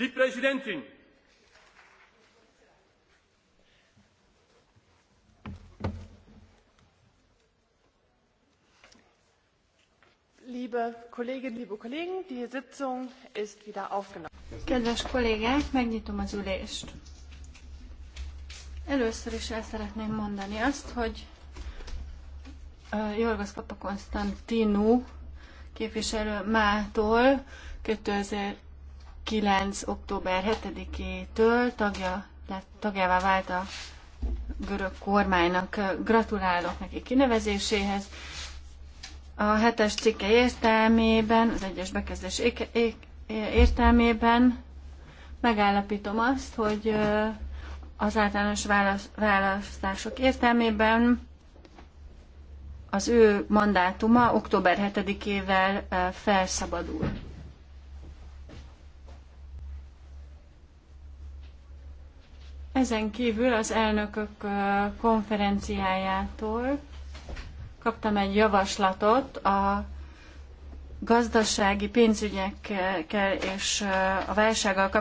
Die Präsidentin! Liebe Kolleginnen, liebe Kollegen, die Sitzung ist wieder aufgenommen. Kedves kollégák, megnyitom az ülést. Először is el szeretném mondani azt, hogy Jorgos Papakonstantinu képviselő mától 2000 9. október 7-től tagja, lett, tagjává vált a görög kormánynak. Gratulálok neki kinevezéséhez. A hetes cikke értelmében, az egyes bekezdés értelmében megállapítom azt, hogy az általános választások értelmében az ő mandátuma október 7-ével felszabadul. Ezen kívül az elnökök konferenciájától kaptam egy javaslatot a gazdasági pénzügyekkel és a válsággal kapcsolatban,